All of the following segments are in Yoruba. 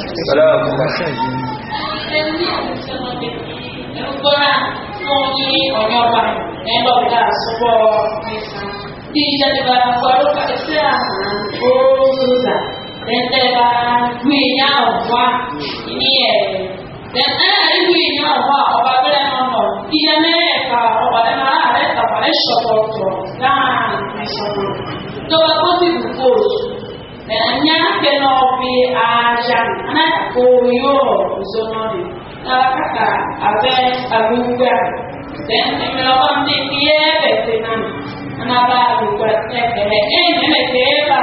Tí ìjọba ọdún pàtó sí àwọn oòrùn ọ̀sà, tẹ́tẹ́ba gbé ìyá ọ̀gbá ní ẹ̀rẹ̀. Tẹ́tẹ́ àríwí ìyá ọ̀gbá ọba abẹ́rẹ́ náà mọ̀. Ìyá mẹ́rẹ̀ẹ̀ka ọba nyampe na ɔfi aja na oyo nso no de na kaka abɛ abunkura then mmerɛ hɔ ne bie bɛte na no na ba abunkura tɛ tɛlɛ ɛn ne ne tɛ ba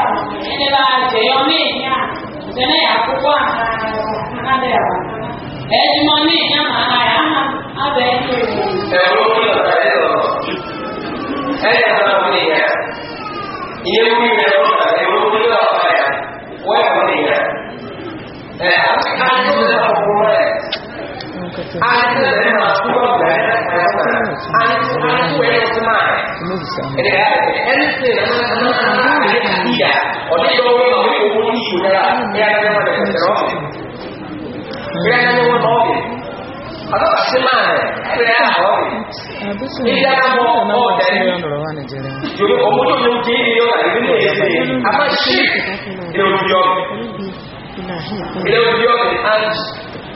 ɛne ba agye yɛ ɔne nya sɛ ne yɛ akokɔ ana de aba ɛdwuma ne a ma ana yɛ ama abɛ ɛne yɛ ɛwɔ mu yɛ ɔtare lɔ ɛyɛ ɔtare mu ne yɛ yɛ mu yɛ ɔ And then my school of that, and and where is mine? And they have anything, and I didn't see that. Or they go away, or they go away, you know, they are never the best at all. They are never one of it. Ọ̀dọ́ kàṣí máa rẹ̀ ẹgbẹ̀rẹ̀ àwọn ọ̀rẹ́. Ní ìdára mọ́ ọ̀dẹ́ ni, yóò ọmọ tó ló kí ní ọ̀rẹ́ nínú èdè, a máa ṣí òbí ọ̀rẹ́. Ìdè òbí ọ̀rẹ́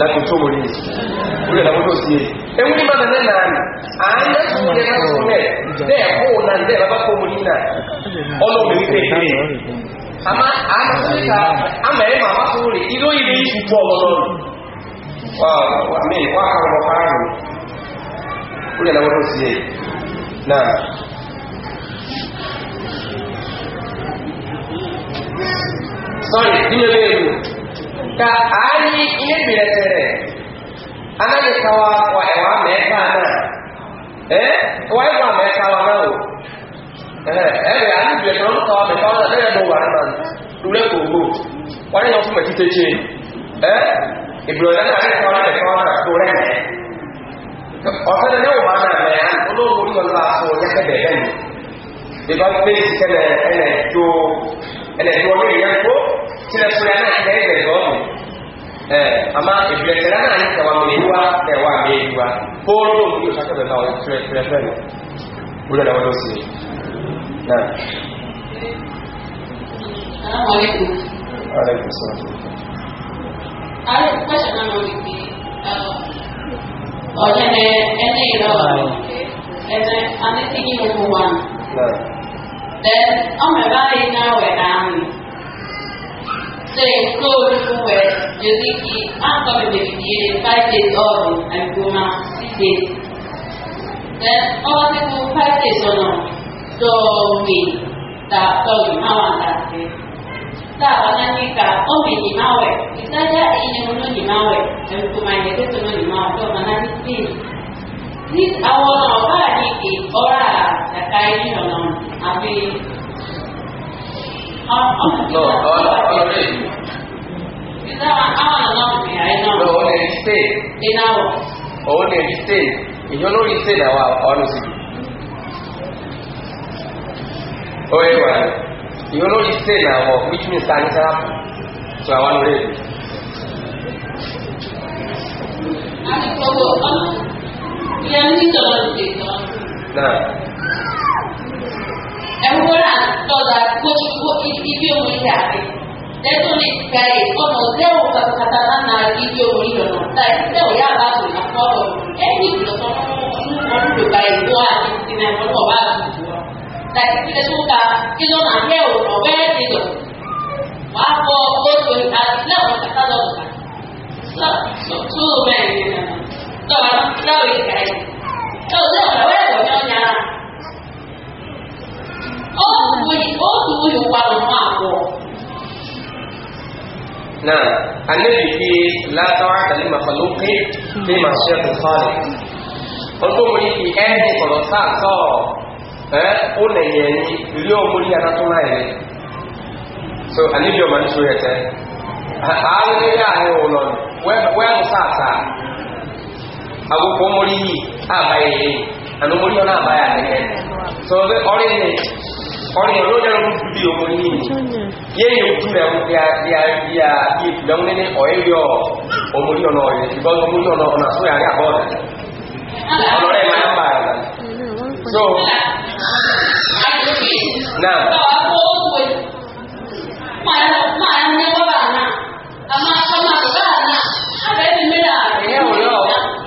láti tó wọlé orí ẹ̀lọ́gbọ́dọ̀ sí ẹ̀ ewu ní bàbá náà ní àánà fún ẹ̀rọ fún ẹ̀ bẹ́ẹ̀ kó o náà bẹ́ẹ̀ bàbá kó o ní náà ọlọ́ọ̀lẹ́ wípé ẹ̀ àmà àánà fún ìta àmà ẹ̀ màá wá fún rẹ̀ ilé ilé ìṣù pọ̀ ọlọ́run wà wà mí wà àwọn ọmọ fáàrùn orí ẹ̀lọ́gbọ́dọ̀ sí ẹ̀ náà sọ́rí nínú ẹgbẹ́ ìlú ka ayi ihe mbiresere anaghị kawa kwa ewa mee ka ana ee kwa ewa mee kawa na o ebe anyị bi ekele ụka ọmị kawa na dere bụ wara na rure ka ogbo kwanye ya ọfụma tite chi ee ibiro na na anyị kawa na kawa na kore na ọsọ na ewu ana na ya ụlọ ụlọ ụlọ ụlọ asụ ya kebe ebe ni ebe ọ kpe isi kebe ene to ene to ọ na-enye kyerɛkyerɛ na ɛyɛ gɔɔmo ɛɛ ama ebiɛkyerɛ na ne kawa mmeriwa ɛwɔ ameriwa poolo omi yɛ kakɛ bɛ na ɔyɛ kyerɛkyerɛ fɛ no wúlò náà wọ́n sì náà. Aláwọ̀ alaikum salam. Ayé kọ́ṣẹ̀ náà lórí pé ọ̀dẹ́ ẹni ìrọ̀lá ẹ̀dẹ́ anẹ́tí ní gbogbo wa. Bẹ́ẹ̀ ọmọ ẹ̀ bá rí náà wẹ̀ náà mi. So, Cioè solo due, io dici, ah come devi dire, fai te ore, alguna si te. Eh, ora se tu fai te sono, dormi, da dormi, ma guardate. Da wananika, omi ni mawe, itaja ini uno ni mawe, na mkumaine kesu uno ni mawe, to manani sini. Nis awona wabaa niki, ora, takai ni nono, api, no, all already. Is that one hour along with me? I know. No, only stay. In hours. Only stay. Ìjọ lórí stay náà wà ọ̀nà sí. Ó yẹ wà. Ìjọ lórí stay náà which means ta ní So I want to read. Àti gbogbo ọ̀nà ìyá ní ìjọba ìgbè kan. Náà. Ẹ̀wọ́n àti tọ́jà kó ti Netoni kai ono leo katana na video hilo no. Tai leo ya babu na foto. Eni lo sono ono lo kai kwa tina foto babu. Tai kile suka kilo na leo no we kilo. Wapo foto na leo katana no. So so so many. So leo kai. So leo na we kwa nyonya. Oh, we oh, we wa no mapo náà anẹ́bì fi látọ́wà tàbí màfàlókè ní màṣẹ́kù sọ́ọ̀lẹ̀ ọdún orí fi ẹ́ẹ̀dì kọ̀lọ̀ sáà sọ́ọ̀ ẹ́ ó nẹ̀yẹ̀ ní ilé omori anátọ́lá ẹ̀rẹ́ so anẹ́bì ọmọ ní ṣúrẹ̀ tẹ́ ààrẹ ní ààrẹ òlọ wẹ́ẹ̀bù sáà sáà agogo omori yìí àbáyé yìí ànàmórí ọ̀nà àbáyé àdẹ́kẹ́ so ọrẹ́ ni ọrịa n'onye ọrụ budi ogo n'ihi ya yi otu na ya ya ya ya nwere ọyịrịọ omori ọnụ ọrịa ibe ọnụ omori ọnụ ọnụ asụ ya abụọ ọnụ ọrịa ma ya mba ya so na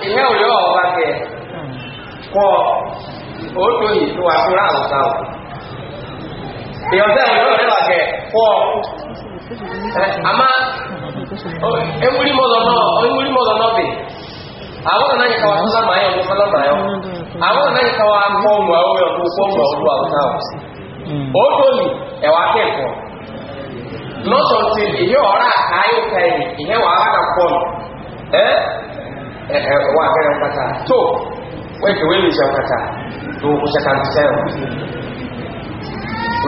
ihe ụlọ ọba kẹ kọ otu oyi tụwa tụrụ awụsa èèyàn tẹ́ ọ̀rọ̀ rẹ̀ wà kẹ́ pọ̀ àmá ewúrí mọ́lọ náà ewúrí mọ́lọ náà bè àwọn ọ̀nà yìí kàwà sọ́lá màá yọ̀ fún sọ́lá màá yọ̀ àwọn ọ̀nà yìí kàwà pọ̀ mọ̀ ọ̀rọ̀ yọ̀ fún pọ̀ mọ̀ ọ̀rọ̀ àwùjá ọ̀ ó tó yìí ẹ̀wà kẹ́kọ̀ọ́ not until ìyẹ́ ọ̀rá àkáyọ̀ kẹ́yìn ìyẹ́ wà á kà pọ̀ ẹ̀ ẹ̀ wà kẹ́yìn kàtà tó wẹ́ẹ̀kì wẹ́ẹ̀lì ìṣẹ́ kàtà tó kó ṣe kàtà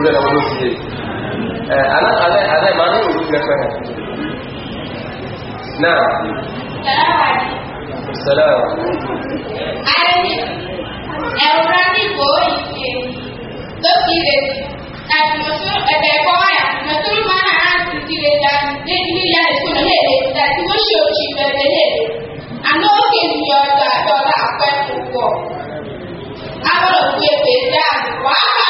kúrẹ́ lọ́wọ́ ló fi yé aláì máa ní òun lẹ́pẹ́ náà sọ́lọ́wọ́ ẹ̀rọ ní kò ìṣe lókìlẹ̀ àti mọ̀tún ẹ̀bẹ̀ ẹ̀kọ́ wáyà mọ̀tún máa ń àǹtí kìlẹ̀ dá lédi nílẹ̀ ìkùnà léde àti wọ́n ṣe òṣì bẹ̀rẹ̀ léde àná òkè ní ọ̀dọ̀ àdọ́là àpẹẹ̀kọ̀ pọ̀. a gbọ́dọ̀ fún ebè dáa wàá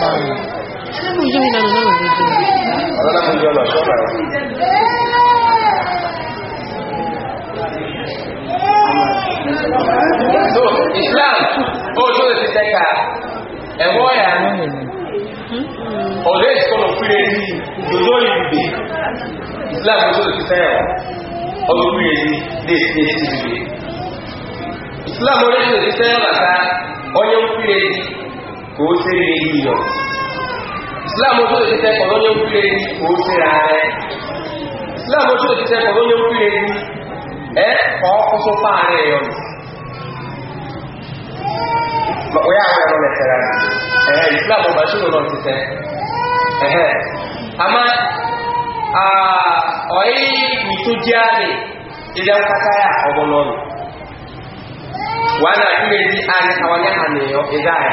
Alamu yìí nínú náà rẹ̀ jẹ́. Alamu yìí ọ̀nà ṣọ́nà rẹ̀. So, Islam, ó tó lè ti tẹ́ka, ẹ̀wọ́ yà ní. Ọ̀dẹ́ ìsọ́nà fúrẹ́ ní ìjọjọ́ ìrìnbè. Islam ó tó lè Islam ó lè ti tẹ́yà bàtà ọyẹ́ fúrẹ́ ní kò ó ṣe lè yíyọ islam ojú òtí tẹ́kọ̀ọ́ ló ní ó kúlé ní kò ó ṣe ra rẹ̀ islam ojú òtí tẹ́kọ̀ọ́ ló ní ó kúlé ní ẹ́ kọ́ kó tó pa àárẹ̀ yọ nù ọ̀yá àwọn ọmọ mẹ́tẹ̀ẹ̀rẹ̀ ẹ̀hẹ́ islam ọba ṣúlò náà ti tẹ́ ẹ̀hẹ́ àmọ́ ọ̀yí ìtújẹ́ ilẹ̀ kákáyà ọgbọ́n lọ́nà wà náà kúlé àwọn ẹ̀hàn èèyàn ìdáyà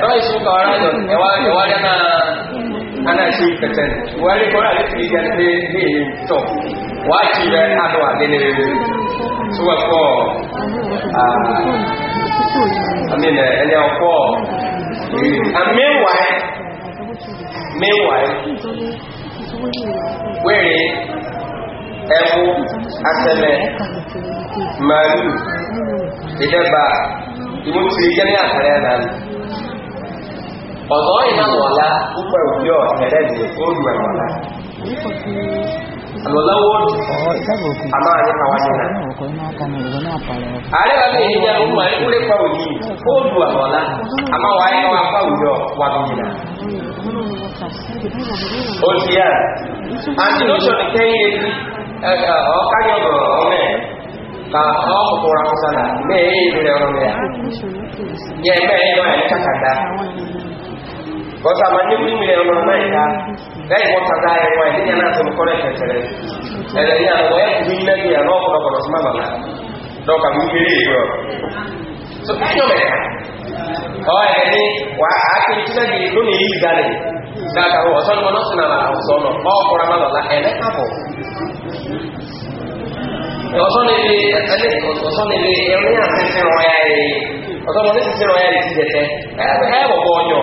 tọ́lá ìṣúkọ̀ ọ̀rá lọ ẹ̀wárí anáṣe ìpẹ̀tẹ̀ wọ́n kọ́ láti fi yẹ pé ní èyí tọ̀ wà á kí rẹ̀ àdọ́ àdínlẹ̀rẹ̀ tó wà pọ̀ àmìnà ẹni ọ̀pọ̀ meanwhile meanwhile wẹ́rẹ̀ ẹ̀wù asẹ̀lẹ̀ màálù ìdẹ́bà ìmúti ìjẹ́ ní àtàrẹ́ náà ọ̀dọ́ ìnáwọ̀lá púpọ̀ òbí ọ̀tẹ̀rẹ́ ní oòrùn ẹ̀wọ̀lá alọ́láwọ́ amáàrin àwájẹ́nà ààrẹ àmì ìyá ọmọ ẹgbẹ́ pàwò yìí oòrùn àwọ̀lá amáwáyé wọn pàwòyọ wà lóyìnà ó ti yá àti lóṣọ̀nì kẹ́yìn ọ̀kárí ọ̀rọ̀ ọmọ ẹ̀ ka ọkụ kụrụ akụsa na mee ihe rere ọrụ ya nye ebe ebe ya kaka daa Because I'm a new woman in America. That is what I die and why I didn't answer the correct answer. And then I'm aware of being ready and all of us, Mama. Dog, I'm really well. So, I know that. Oh, I mean, why I can tell you, you don't need that. That I was on one of them, I was on all for a mother and a couple. Ọ̀sán ilé ẹ̀tẹ́lẹ̀ ọ̀sán ilé ẹ̀rọ ní àti ìsinmi ọ̀yá rẹ̀ ọ̀sán ilé ìsinmi ọ̀yá rẹ̀ ti jẹ̀tẹ̀ ẹ̀ẹ́bọ̀ bọ̀ ọ̀yọ̀.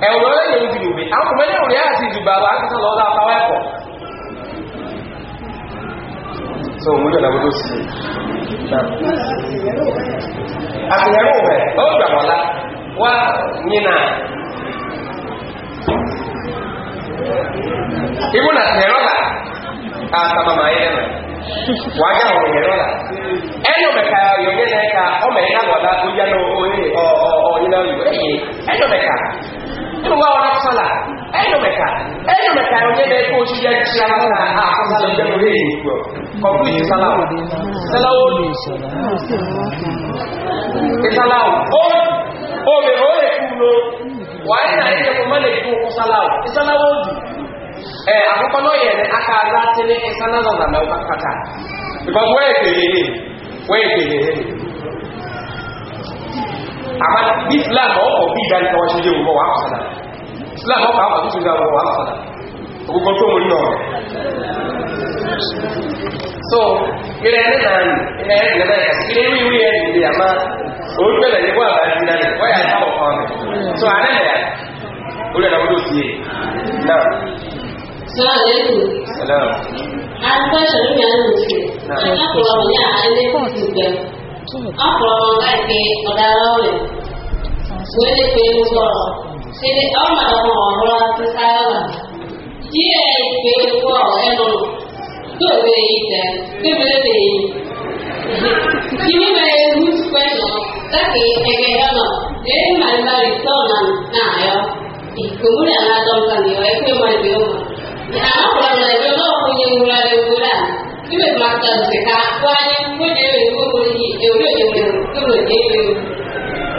ẹ̀wọ̀n ẹ̀yẹ ń dìbò bí àwọn ọmọ ẹ̀yẹ òrìá àti ìdìbò àwọn akẹ́kọ̀ọ́ lọ́dọ̀ àtàwọn ẹ̀kọ́ so òun yọ̀nà wọ́n tó sí àtìyẹ̀wò rẹ̀ ó gbà wọ́lá wá nyina ibu na tẹ̀rọ la àtàmàmà ayé rẹ̀ wàá gbà wọ́n tẹ̀rọ la ẹnu mẹka yọ̀gẹ́ náà ká ọmọ ẹ̀yẹ àwọ̀lá tó yá lọ orí ọ̀ ọ̀ ọ̀ yìí náà yọ̀ ẹ̀yẹ ẹnu mẹka nínú wa ọ̀nà sọ́là ẹ̀yọ́ mẹ́ta ẹ̀yọ́ mẹ́ta ọjọ́ bẹ́ẹ̀ kó oṣù yẹn ti àwọn àkọsà lọ jẹ́ orí èyí pọ̀ kọ̀ọ̀kú ìdí sáláwọ̀ sáláwọ̀ ní ìsáláwọ̀ ó òbẹ̀ ó lè kú lo wàá ní àyè jẹ́ kọ́mọ́ lè kú sáláwọ̀ ìsáláwọ̀ ẹ̀ àkọ́kọ́ náà ní aka aláàtẹ́lẹ̀ kàkà amma bí islam ọkọ̀ bí ìgbà nípa wáṣẹ́ ilé òwúrọ̀ wà fàdà islam ọkọ̀ àwọn àtúnṣe ìgbà òwúrọ̀ wà fàdà tó mú náà so ilẹ̀ ẹni náà ilẹ̀ ẹni náà ẹ̀sìn ilé wíwí ẹni ilé àmá orúkọ ilẹ̀ ní wọ́n àbájú náà so àrẹ lẹ̀ orí ẹ̀rọ tó fi yé náà. Salaam alaikum. Salaam. A ń bá ṣàlùmí àwọn òṣèlú. ọ̀rọ̀ ní àárẹ̀ fún ìgbà ọ̀pọ̀lọpọ̀ láìpẹ́ ọ̀daràn rẹ̀ wọ́n lè ni ọmọ àwọn ọ̀rọ̀ ti sáyà díẹ̀ ìpè ewu ọ̀rọ̀ ẹnu lóòrè ìtẹ̀ kébìlẹ̀ lè yí. Kìíní bẹ̀rẹ̀ question láti ẹgbẹ́ ọ̀nà lẹ́yìn màá nípa rìsọ́ọ̀nà náà yọ. Ìgbòmúlẹ̀ àwọn adọ́nkà nìyọ̀ ẹgbẹ́ wọn ìgbẹ́ wọn. Àwọn ọ̀pọ̀lọpọ̀ ẹgbẹ́ náà kò yẹ ဒီမှာတန်စကားဝါရင်ဘုရားရေဘုရားရေရုပ်ရည်ရုပ်ရည်သူ့လိုနေရုပ်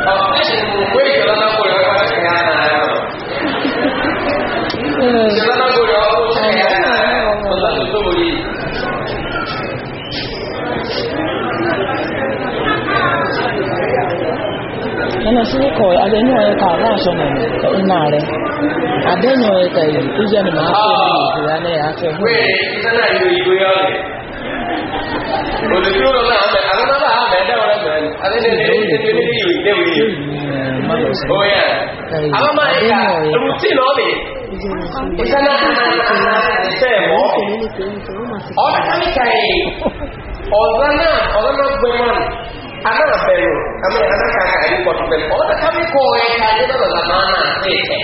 ဘာဖြစ်လဲဘယ်ကလာကိုရောဘာဖြစ်နေတာလဲကျန်တော့ကိုရောဘာဖြစ်နေတာလဲဘုရားသူ့လိုကြီး那那是可以，而且你还要搞那什么呢？在哪里？啊，对，你还可以，最近你们还可以，现在呢还可以。喂，现在有一个要的。olùdí ó lọ́nà àmẹ́ àrùnmọ́lá àmẹ́ ẹ̀dáwọ̀rẹ́ mẹ́rin adẹ́lẹ́lẹ́ ìdíje ní ìwé ìdẹ́wé oya àmọ́mọ́ ẹ̀ka rútín ọ̀bẹ ìṣẹ́lá sẹ́ẹ̀mọ́ ọ̀dọ́míkà yìí ọ̀zánà ọ̀zánà gbẹmọ́n anáà bẹ̀rù àmì anáà kàkà yìí pọ̀tù bẹ̀rù ọ̀dọ́míkà ẹ̀ka yìí lọ́dọ̀ làmánà ẹ̀kẹ́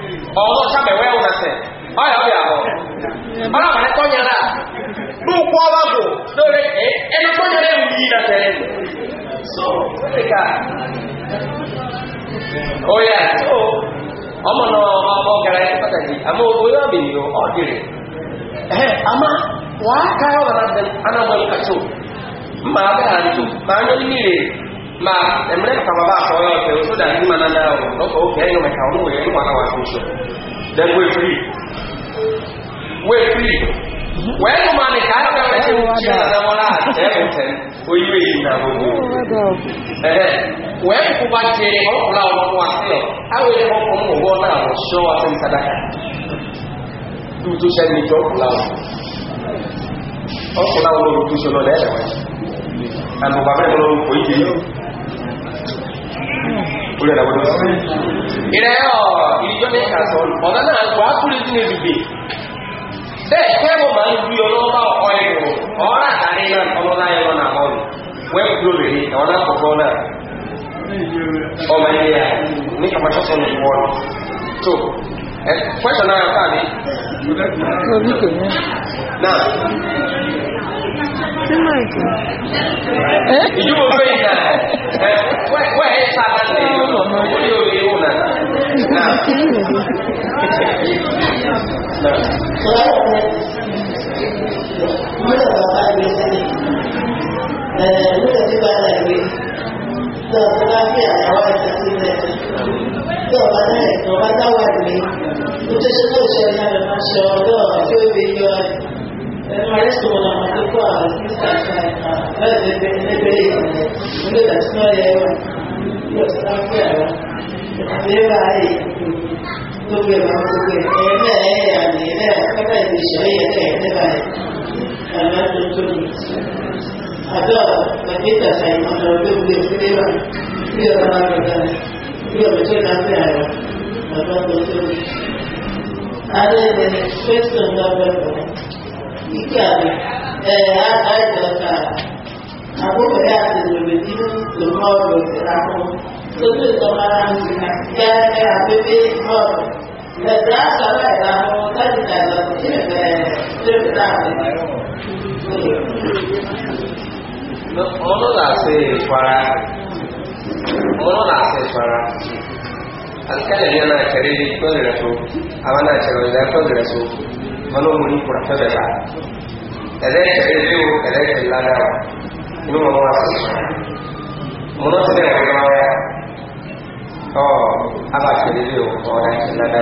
mara mara kɔnyala n'u kɔ b'a ko dɔw yɛrɛ ɛ ɛna kɔnyala yɛ wuli la tɛrɛ so o de ka o yà so ɔmɔ nɔ ɔmɔ gara yɛ pataki ama o yɔ bɛ yen o ɔdiri ɛhɛ ama waa ka yɔ kana bɛn anamɔli ka so maa bɛ ka to maa nyɔ ni yɛ maa ɛmɛrɛ kaba b'a sɔrɔ yɔ fɛ o so da ni ma na na o n'o tɛ o kɛ yɛ yɔ mɛ ka o n'o yɛ n'o we're free. When man is out of the children of Allah, everything, we will in the room. When Kubache or Kula was still, I will hope from the water or show us in Sadaka. Do to send me to Kula. Or Kula will do so not otherwise. And Baba will go to you. Olè làwọn ọdún sí. Ìrẹ́ ọ̀ ìjọ́ ní ìkàsọ̀ ọ̀dọ́ náà wàá kúrò sínú ìdìbò bẹ́ẹ̀ kẹ́ mo máa ń rí ọlọ́wọ́ bá ọkọ yẹn wò ọ̀rọ̀ àtàrí náà ọlọ́lá yẹn lọ́nà àwọn mi wẹ́n kúrò lè rí àwọn alákọ̀ọ́kọ́ náà ọmọ ẹni yà ní kàmàtọ́sọ ní ìwọ lọ tó ẹ pẹ́sọ̀ náà ká mi. náà ìdúgbò fẹ́ yìí náà wẹ́ẹ̀ sáà náà ní ìwọ náà. 那。我来我们。我们老板没生意，呃，我们这边呢，做服装店啊，我也是现在做反正做服装店，我就是做小一点的嘛，小的就有一个，买什么的我都管，哎，那边那边也行，我们这生意也，我是当店的。beraye gbogbo ẹ̀rọ gbogbo ẹ̀rọ ẹ̀rọ ẹ̀yà ní ẹ̀rọ ẹ̀kọ́tà ìgbésọ̀ ẹ̀yà ẹ̀rọ ẹ̀rọ ẹ̀rọ tó ní. àdó àgbẹ̀tà sàyìn ọ̀nà olóògbé sílẹ̀wà sí ọ̀rọ̀ àgbẹ̀dá sí ọ̀rọ̀ tó náà fẹ́ àrọ̀ ọ̀dọ́ tó tó ní. alẹ́ ẹ̀rọ fẹ́sọ̀ ń lọ́gbọ̀dọ̀ ike àbí ẹ̀rọ àjọ ká àbúkọ̀ yá àti ìròyìn nínú ìlú mọ́ọ̀lù ìràkùn sojú ìtọ́ka ìrìnà kẹ́kẹ́ abẹ́bẹ́ ọ̀rọ̀ lẹ́sẹ̀ àṣàlẹ̀ ìlànà tẹ́lifà ìlànà ìrìnà tẹ́lifà ìlànà. ọlọ́lá ṣe ìfara ọlọ́lá ṣe ìfara alkalin yana kare kwanne da su a wannan shirin da kwanne da su manomuni kurta da ta da zai kare biyu da zai kalla da inú wọn wá sí mọ́nà sílẹ̀ ìgbàlọ́wọ́ ก็ถ้าบาดเจ็บเร็วพอได้ชนะได้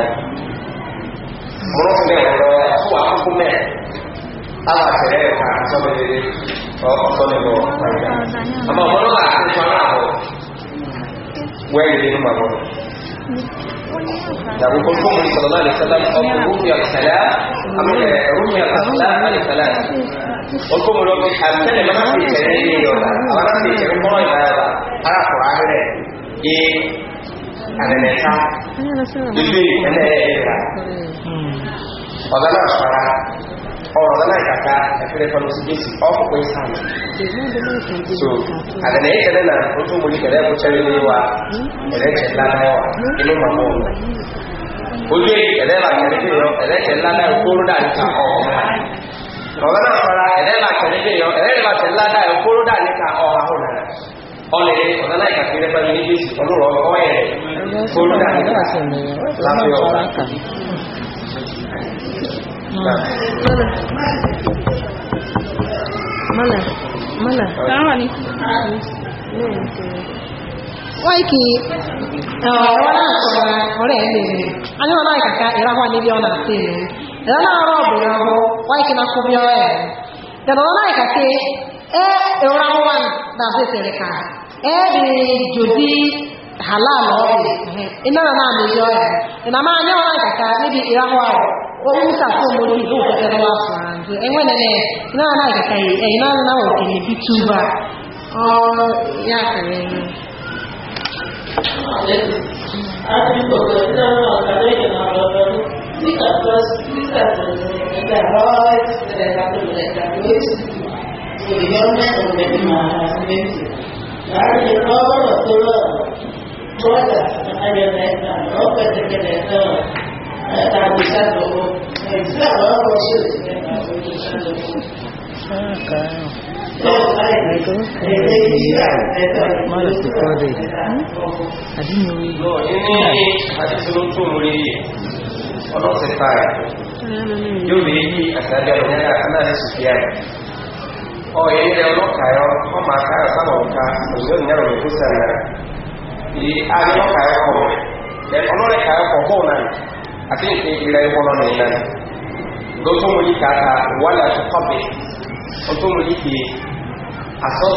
ผมรู้แม่เราผู้หวังคุณแม่ถ้าบาดเจ็บเร็วค่ะก็ไม่ได้ก็ก็เลยบอกไปกันแต่บอกว่าบาดเจ็บช้อนเราเว้ยดีมากเลย لو قلتم صلى الله عليه وسلم رمي السلام رمي الأقلام للسلام قلتم لو أمثال ما في كريم ولا أنا في كريم مرة هذا أنا أقول عامل إيه ẹ̀lẹ́ta ilé ẹlẹ́ẹ̀ẹ́ra ọ̀dọ́lá ọ̀pára ọ̀rọ̀ ọ̀dọ́lá ìkàkà ẹ̀fẹ́rẹ́ fọlọ́sígbèsì ọ̀pọ̀ ìsàmì so àdẹ̀lẹ́ ìkẹ̀lẹ́ náà ó tún mú ìkẹ̀lẹ́ ẹ̀kọ́ chẹ́rí ní wa ẹ̀lẹ́kẹ̀ láláyọ̀ inú màmú ọ̀nà ojú ìkẹ̀lẹ́ ẹ̀lẹ́kẹ̀ láláyọ̀ kóró dà níta ọ̀ọ̀mà ọ̀dọ́lá ọ̀pára ẹ̀lẹ́kẹ̀ láláyọ̀ kóró dà níta ọ̀ọ̀mà ọlẹ ọ̀nà náà ìkàkí rẹ́pẹ́ ní méjèèjì ọlọ́rọ̀ ọkọ ẹ̀ olùdá lábẹ́ ọ̀rọ̀ wáìkì ọ̀rọ̀ náà sọ̀rọ̀ ọ̀rẹ́ ẹ̀ lè rìn anyọ́ náà ìkàkà ìràwọ̀ níbi ọ̀nà àti ìrìn ẹ̀rọ náà rọ̀ bìrì ọ̀rọ̀ wáìkì náà kú bí ọ̀rẹ́ ẹ̀ tẹ̀lọ́ náà ìkàkà ee ịrawan dazetere ka ee jodi halal ọrịa ịnara na amịzi ọrịa ịna e. ma anya ọrịa e, kaka ebi ịrahụ ahụ e. okwu sasọ mori bụ okwutere wa fụranzu enwe nene ịnara na kaka ịnara na okenye bi tuba ọ ya kere enwe Thank you. que vinieron a la sentencia. Claro, yo todo, todo, todas las avionetas, de esqueleto, está usando, está loco, sí, está usando. Ah, claro. Malah sekali. Tadi nyuri. Hadis lucu Orang Jadi, ada kenal Sufyan. ọ̀yẹ́ ilẹ̀ ọlọ́kàáyọ́ ọmọ àkáyà sábà òkà òṣèlú ìyàrá òyìnbó sẹ́nà yìí ayé ọlọ́kàáyọ́ kọ̀ ẹ̀ ọlọ́rẹ̀kàáyọ́ kọ̀ bọ́ọ̀ náà àti nǹkan ìpìlẹ̀ ìwọ́nà nìyẹn lótún mo yí kàkà wàlẹ̀ àtúkọ̀bẹ̀ lótún kì í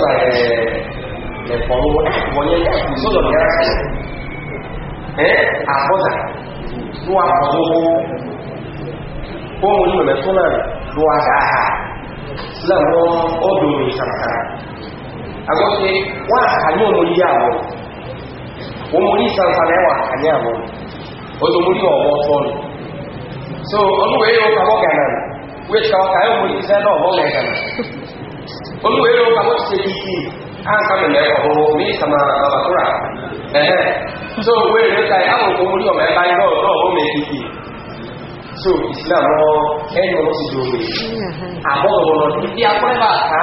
ẹ̀ ẹ̀fọ́ wọn yẹn láwọn ọdún ìsànkàrà agbọ́sí wọ́n àkàní òmòrí àwọ̀ òmòrí ìsànkàrà ẹwà àkàní àwọ̀ òdòmòrí ọ̀wọ́ fọ́nù so olúwé yóò kàwọ́ gànà wé kàwọ́kà yóò mú ìsẹ́ náà wọ́n lẹ́ gànà olúwé yóò kàwọ́ ti ṣe ìsì ánkàmìlẹ̀ ọ̀họ̀ ní ìsàmàrà bàbàkúrà ẹ̀ẹ́ so wé rẹ̀ ta ìhàmù òmòrí ọ̀mẹ́ bá ń gbọ́ ọ̀dọ́ ọ̀họ́ mẹ́ ìsì so islam wọn ẹni wọn sì dòwe àbọ̀wọ̀lọ̀ níbi apẹ́bà ká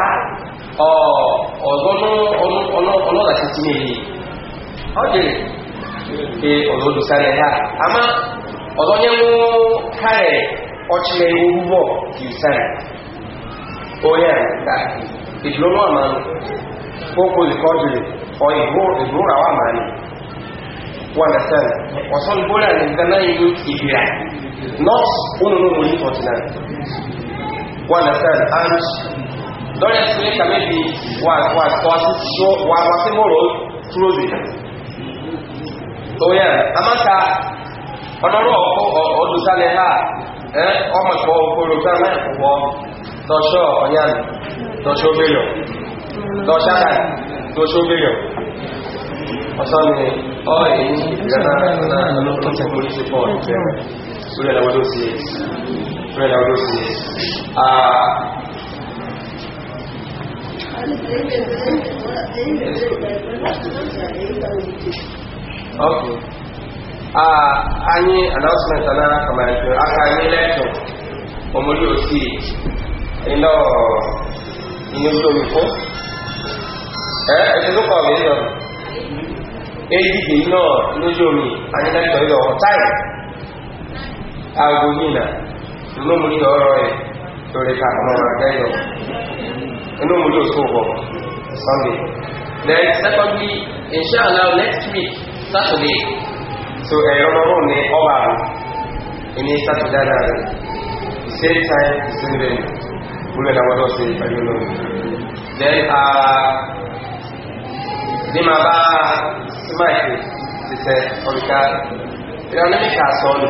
ọ̀dọ́nọ́lọ́dà ti ti nìyí ọ̀dẹ̀ pé ọ̀dọ́dù sáré ha àmá ọ̀dọ́nyẹ́wó kárẹ̀ ọ̀chílẹ̀ orúbọ̀ kìí sáré onye nta ìdúró náà kókó ìkọ́jìrì ọ̀ ìgbóhùn àwọn àmàlì wọn nà sẹ́lẹ̀ ọ̀sán gbóná nìkan náà yìí ìbìrà not ununumuli 49 you understand and don't explain that maybe one one person show one person more clothing oh yeah amaka ọlọ́rọ̀ ọkọ̀ ọdúnsálẹ̀ ha ọmọ ìpọ̀ òkúrò gbẹ́mẹ́ ìpọ̀ tọ́ṣọ́ ọ̀yàn tọ́ṣọ́ bèèrè tọ́ṣára tọ́ṣọ́ bèèrè ọ̀sán ni ọ́ èyí ìrẹ́nà ọlọ́pùtẹ̀kùn ní sí pọ̀ ìfẹ́ torí ẹ̀lẹ́wọ́ ló sí torí ẹ̀lẹ́wọ́ ló sí ok anyị announcement na kamarịtụ aka anyị lẹ́tọ̀ omori osi ilọ̀ inú lórí fún ẹ́ ẹ̀tẹ́lúkọ̀ mi lọ èyí dìde náà lójú omi àyílẹ́tọ̀ ilọ̀ ọ̀táì aago yìí nà inú mu yìí ọ̀rọ̀ ẹ̀ lórí ká ọmọ ọ̀rọ̀ ẹ̀gẹ́ yọ inú mu yóò tó bọ̀ sunday then secondly inshallah next week saturday so ẹ̀rọ ọmọ mi ọba mi ìní saturday náà rẹ̀ the same time the same venue gbúlẹ̀ náà wọ́n ṣe ìpàdé olómi then uh, ní màá bá smile ṣiṣẹ́ ọ̀ríkà ìrànlẹ́mìkà sọ́ọ̀nù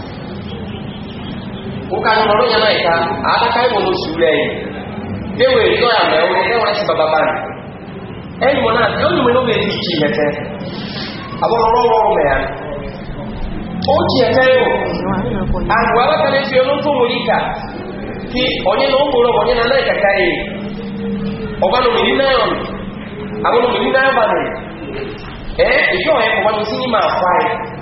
bukan menolongnya mereka ada kali mulut sulai dia boleh itu yang dia boleh dia boleh sebab apa eh mana dia boleh minum dari biji macam apa lorong lorong ya ó jẹ kẹrù àwọn alákàlẹ̀ fi ọlọ́ fún mọ̀líkà kí ọ̀yẹ́ náà mọ̀ lọ ọ̀yẹ́ na kàkà rẹ̀ ọba lòmìnì náà àwọn lòmìnì náà bà rẹ̀ ẹ́ ìṣọ́ ẹ̀ kọ̀wàá ní sí ní máa fà rẹ̀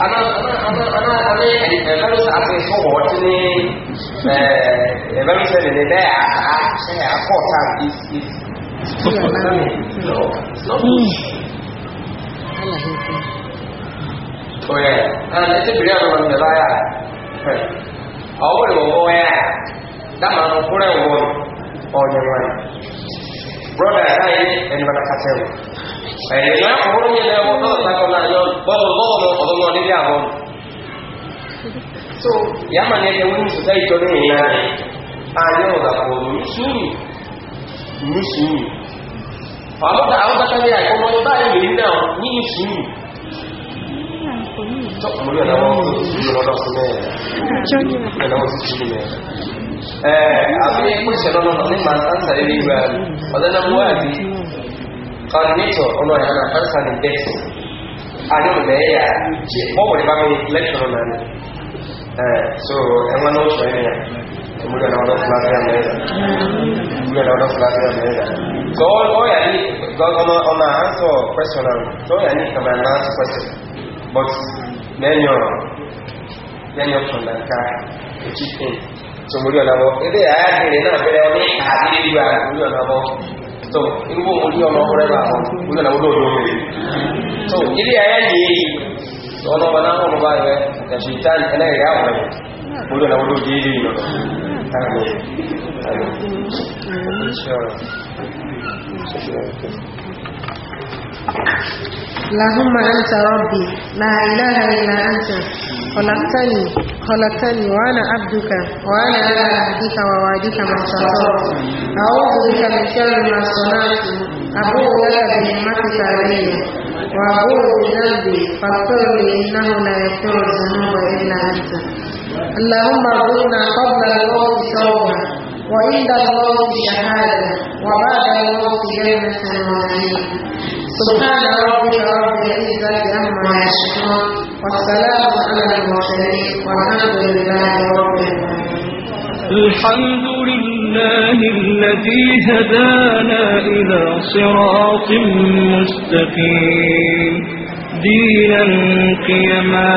ana ana ana ana ɛlɛnso afe so wɔ ɔtene ɛɛ ɛlɛnso ɛdini bɛ a a sɛ akɔ tan is is. Oye, ɛn ɛti biri ɛnu ma mbɛba ya, ɔwɔ de wɔwɔ ya, dama no kura wɔwɔ ɔnyɛ wɔn. Brɔda ayi ɛnibaka kata mu ẹ̀yìn ọkùnrin yẹn lẹ́wọ́ tó sàkọ́ náà yọ bọ́ọ̀lù bọ́ọ̀lù ọ̀dọ́ náà nílé àwọn so yàmà ní ẹgbẹ́ wọ́n ní sọ́tà ìjọba ìrìn náà ayé ọ̀gá kò ní sùúrù ní sùúrù àwọn àwọn bàtàlẹ̀ àìkọ́mọ́ ní báyìí lè náà ní sùúrù tọ́kùnrin ọ̀nà wọn kò sí ìjọba náà sí mẹ́rin ẹ̀nà wọn sì sí mẹ́rin àbí ẹgbẹ́ ìṣẹ̀lọ́nà ní màá sáńsà ilé ìgbà ọ̀dẹ́nàmúwà àti coordinator ọmọ ẹ̀ na answer the best adé mo bẹ̀ẹ́ yà ṣe bọ́ọ̀wọ̀ ní bá mi lecture náà ni so ẹ̀wọ̀n náà sọ ẹ̀yà ìmúlẹ̀ náà ọdọ́ fúlàfẹ́ àmẹ́rẹ́dà ìmúlẹ̀ náà ọdọ́ fúlàfẹ́ àmẹ́rẹ́dà so ọ yà ní ọmọ ọmọ answer question náà so ọ yà ní ìkàmà náà answer question but lẹ́yìn ọ̀rọ̀ lẹ́yìn ọ̀tún náà ká èjì pin so mo rí ọ̀nà bọ́ ilé àyàkiri náà bẹ̀rẹ̀ ọ ní àdídíwà mo rí ọ̀nà bọ́ so irúgbó mo rí ọmọ ọ̀rẹ́ bá wúlò náà wúlò lórí rẹ̀ so ilé ayé ni èyí ọ̀nà ọba náà wọ́n bá rẹ̀ ẹ̀ṣù ìtàn ẹlẹ́rìí àwọn rẹ̀ wúlò náà wúlò dé ilé ìlọ اللهم خلقتني خلقتني وأنا عبدك وأنا على عهدك ووعدك ما استطعت أعوذ بك من شر ما صنعت أبوء لك بنعمتك علي وأبوء بذنبي فاغفر لي إنه لا يغفر الذنوب إلا أنت اللهم ارزقنا قبل الموت توبة وعند الله شهادة وبعد الموت جنة ونعيم سبحان ربك رب العزة عما يصفون والسلام على المرسلين والحمد لله رب العالمين الحمد لله الذي هدانا إلى صراط مستقيم دينا قيما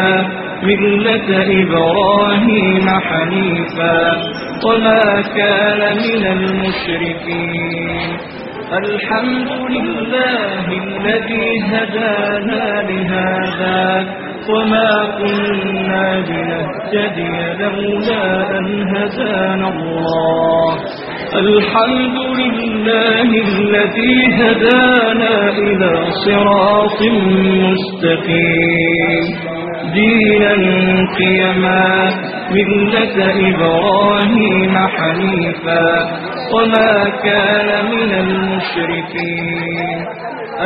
ملة إبراهيم حنيفا وما كان من المشركين الحمد لله الذي هدانا لهذا وما كنا لنهتدي لولا أن هدانا الله الحمد لله الذي هدانا إلى صراط مستقيم دينا قيما ملة إبراهيم حنيفا وما كان من المشركين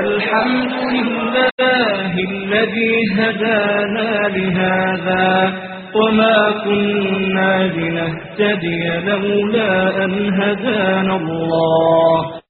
الحمد لله الذي هدانا لهذا وما كنا لنهتدي لولا أن هدانا الله